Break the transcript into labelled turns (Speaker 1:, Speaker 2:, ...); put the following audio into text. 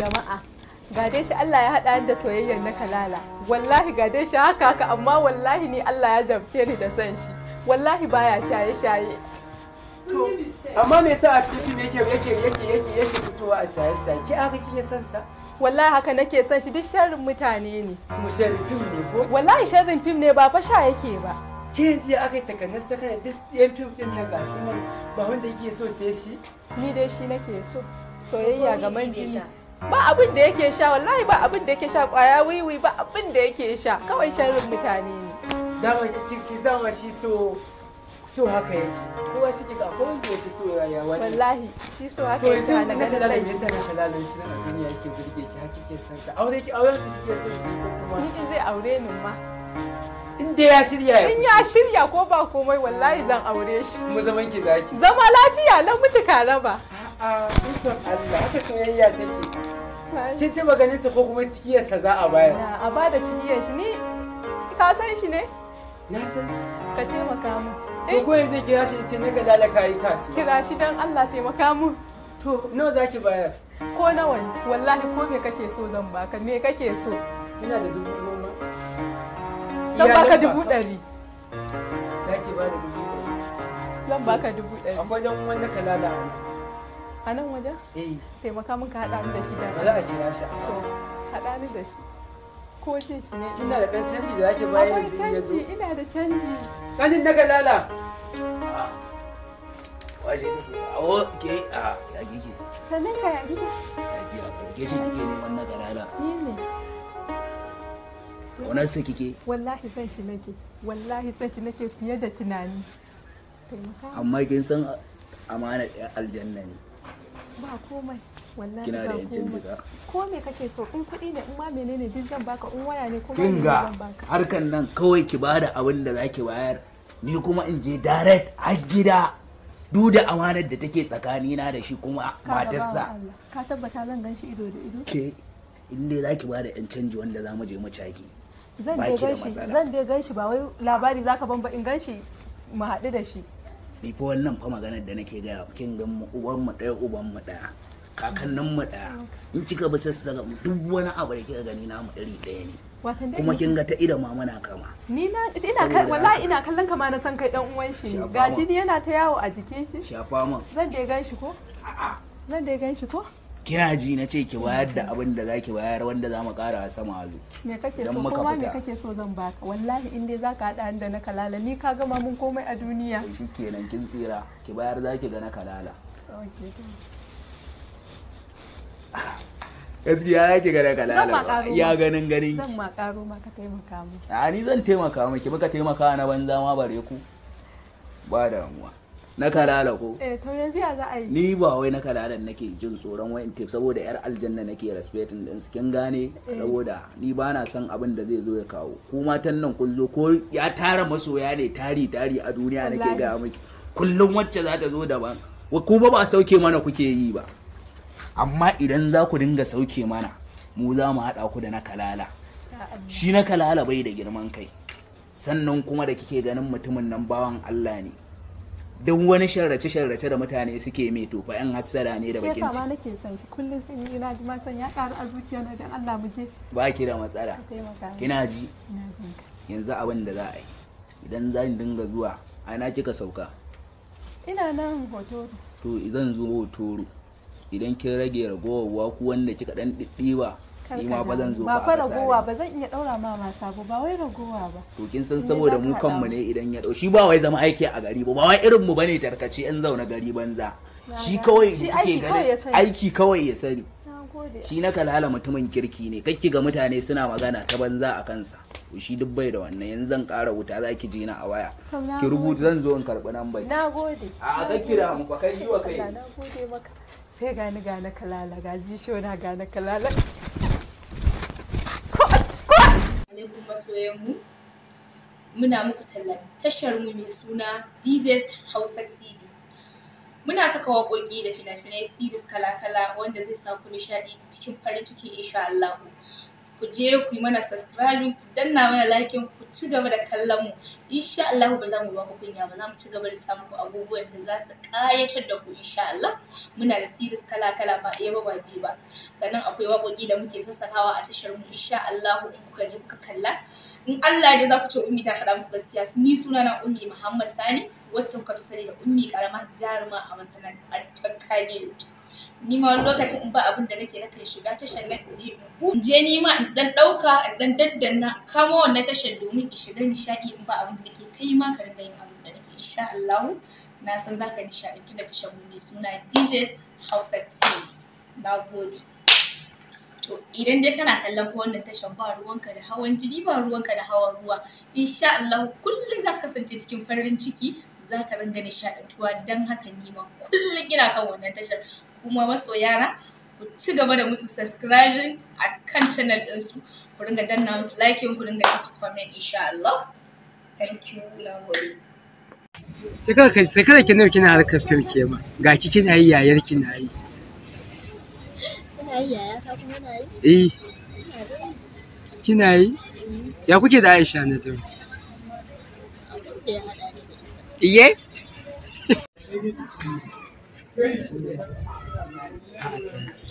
Speaker 1: jama'a dai shi Allah ya haɗa da soyayyar na kalala wallahi dai shi haka haka amma wallahi ni Allah ya jamce ni da san shi wallahi baya shaye shaye
Speaker 2: amma me yasa a cikin yake yake yake yake yake fitowa a shaye shaye ki aka kike
Speaker 1: san sa wallahi haka nake san shi duk sharrin mutane ne kuma sharrin fim ne ko wallahi sharrin fim ne ba fa sha yake ba ke yanzu ya aka yi takanas ta kana duk yan fim din nan gasu nan ba wanda yake so sai shi ni dai shi nake so soyayya ga manjini ba abin da yake sha wallahi ba abin da yake sha kwaya wiwi ba abin da yake sha kawai sharrin mutane ne dama
Speaker 2: kiki dama shi so so haka yake kowa suke ga akwai wanda yake so rayuwa wallahi
Speaker 1: shi so haka yake na ga dalalan yasa na
Speaker 2: dalalan shi a duniya yake burge ki haka kike san sa aure ki auren
Speaker 1: su kike san kuma ni zai aure ni ma in
Speaker 2: dai ya shirya in
Speaker 1: ya shirya ko ba komai wallahi zan aure shi mu zaman ki zaki zama lafiya lan mutuka raba a'a son Allah Ka soyayya take
Speaker 2: kin taba ganin sa ko kuma cikiyar cikiyarsa za a bayar
Speaker 1: a ba da cikiyar shi ne ka san shi ne na san shi ka taimaka mu ko ko zai kira shi ce ne ka zala kai kasu kira shi dan Allah taimaka mu to nawa zaki bayar ko nawa wallahi ko me kake so zan baka me kake so ina da dubu goma zan baka dubu
Speaker 2: ɗari zaki ba da dubu ɗari
Speaker 1: zan baka dubu
Speaker 2: ɗari akwai dan wanda ka lalata
Speaker 1: a nan wajen? eh taimaka min ka haɗa ni da shi da ba za a jira shi to haɗa ni da shi ko ce shi ne Ina da ɗan canji da zake bayar da zai zo ina da canji
Speaker 2: kanin daga lala
Speaker 1: ah.
Speaker 3: waje take awo ke a ah, ya kike
Speaker 1: sanin ka ya kike lafiya ko
Speaker 3: ke ce kike neman na galala
Speaker 1: ni ne wannan sai kike wallahi san shi nake wallahi san shi nake fiye da tunani amma
Speaker 3: kin san amana aljanna ne
Speaker 1: ba komai wallahi kina da yancin gida ko me kake so in kuɗi ne in ma menene duk zan baka in waya ne kuma menene zan baka
Speaker 3: harkan nan kawai ki bada abin da zaki bayar ni kuma in je direct a gida duk da amanar da take tsakanina da shi kuma matarsa
Speaker 1: ka tabbata zan gan shi ido da ido ke
Speaker 3: in dai zaki bada yan canji wanda zamu je mu caki
Speaker 1: zan dai gan shi ba wai labari zaka ban ba in gan shi mu haɗu da shi
Speaker 3: ni fa wannan fa maganar da nake gaya kin ga uban mu daya uban mu daya nan mu daya in kika bi ga duk wani abu da kika gani namu dari daya ne
Speaker 1: kuma kin ga ta ida ma muna kama ni na ina kai wallahi ina kallon kama na san kai dan uwan shi gaji jini yana ta yawo a jikin
Speaker 3: shi shafa mu
Speaker 1: zan dai gan shi ko a'a zan dai gan shi ko
Speaker 3: kina ji na ce ki bayar da abin da zaki bayar wanda za mu kara sama a zo
Speaker 1: me kake so kuma me kake so zan baka wallahi in dai zaka hada da na kalala ni ka gama mun komai a duniya
Speaker 3: shikenan kin tsira ki bayar zaki ga na kalala gaskiya ya ki na kalala ya ganin ganin ki zan
Speaker 1: ma karo ma ka taimaka mu
Speaker 3: a ni zan taimaka miki muka taimaka na banza ma bare ku ba damuwa na kalala ko
Speaker 1: eh to yanzu ya za a yi
Speaker 3: ni ba wai na kalala nake jin tsoron wayan tape saboda yar aljanna nake respecting din su kin gane eh. saboda ni ba na san abin da zai zo ya kawo ku matan nan kun zo ko ya tara masoya ne tari tari a duniya nake ga miki kullum wacce za ta zo daban ku ba ba sauke mana kuke yi ba amma idan za ku dinga sauke mana mu za mu haɗa ku da na kalala shi na kalala bai da girman kai sannan kuma da kike ganin mutumin nan bawan Allah ne duk wani sharrace sharrace da mutane suke mai tofa yan hassada ne da bakin ciki shi
Speaker 1: nake son shi kullum sun yi naji ji ma son ya karu a zuciya na don Allah mu je
Speaker 3: ba ki da matsala kina ji yanzu abin da za a yi idan zan dinga zuwa ana kika sauka
Speaker 1: ina nan hotoro
Speaker 3: to idan zo hotoro idan kin rage ragowar ku wanda kika dan diddiba ni ma ba zan zo ba ba ragowa
Speaker 1: ba zan iya daura ma ma sabo ba wai ragowa ba
Speaker 3: to kin san saboda mu kanmu ne idan ya dau shi ba wai zama aiki a gari ba ba wai irin mu bane tarkace in zauna gari banza shi kawai kike ganin aiki kawai ya sani shi na kalala mutumin kirki ne kakki ga mutane suna magana ta banza a kansa shi duk bai da wannan yanzu zan ƙara wuta zaki ki jina a waya ki rubuta zan zo in karɓi nan bai nagode a kakki da mu kai yi wa kai
Speaker 1: nagode maka sai gani gane kalala ga jisho na gane kalala
Speaker 4: ne kuma mu? muna muku tallan tashar mu mai suna DJs Hausa TV muna saka waƙoƙi da fina-finai series kala-kala wanda zai sa ku nishaɗi cikin farin ciki insha Allah ku je ku yi mana subscribing ku danna mana liking ku ci gaba da kallon mu insha Allah ba za mu ba ku kunya ba za mu ci gaba da samu ku abubuwan da za su kayatar da ku insha Allah muna da series kala kala ba ɗaya ba ba biyu ba sannan akwai waƙoƙi da muke sassakawa a tashar mu insha Allah in kuka je kuka kalla in Allah da za ku ce ummi ta faɗa muku gaskiya ni suna na ummi Muhammad Sani wacce kuka fi sani da ummi karama jaruma a masana'antar Kano ni ma wani lokacin in ba abin da nake nakan shiga tashar nan in je in je ni ma in dan dauka in dan daddanna kama wannan tashar domin in shiga nishaɗi in ba abin da nake kai ma ka rinka yin abin da nake insha Allah na san zaka nishadi tunda tashar mu mai suna DJs Hausa TV gode to idan dai kana kallon ko wannan tashar ba ruwanka da hawan jini ba ruwanka da hawan ruwa insha Allah kullum zaka kasance cikin farin ciki za ka ringa nishaɗantuwa don haka ni ma kullum ina kan wannan tashar kuma masoya na ku ci gaba da musu subscribing a kan channel ɗinsu ku ringa danna musu like ku ringa musu comment insha Allah thank you lagode
Speaker 2: shekara ki nauki kina harkar fim ma ga ki kina yi yayar ki na eh. yi
Speaker 3: kina yi yaya ta kuma na
Speaker 2: yi eh kina yi ya kuke da Aisha na jira ये
Speaker 1: हाँ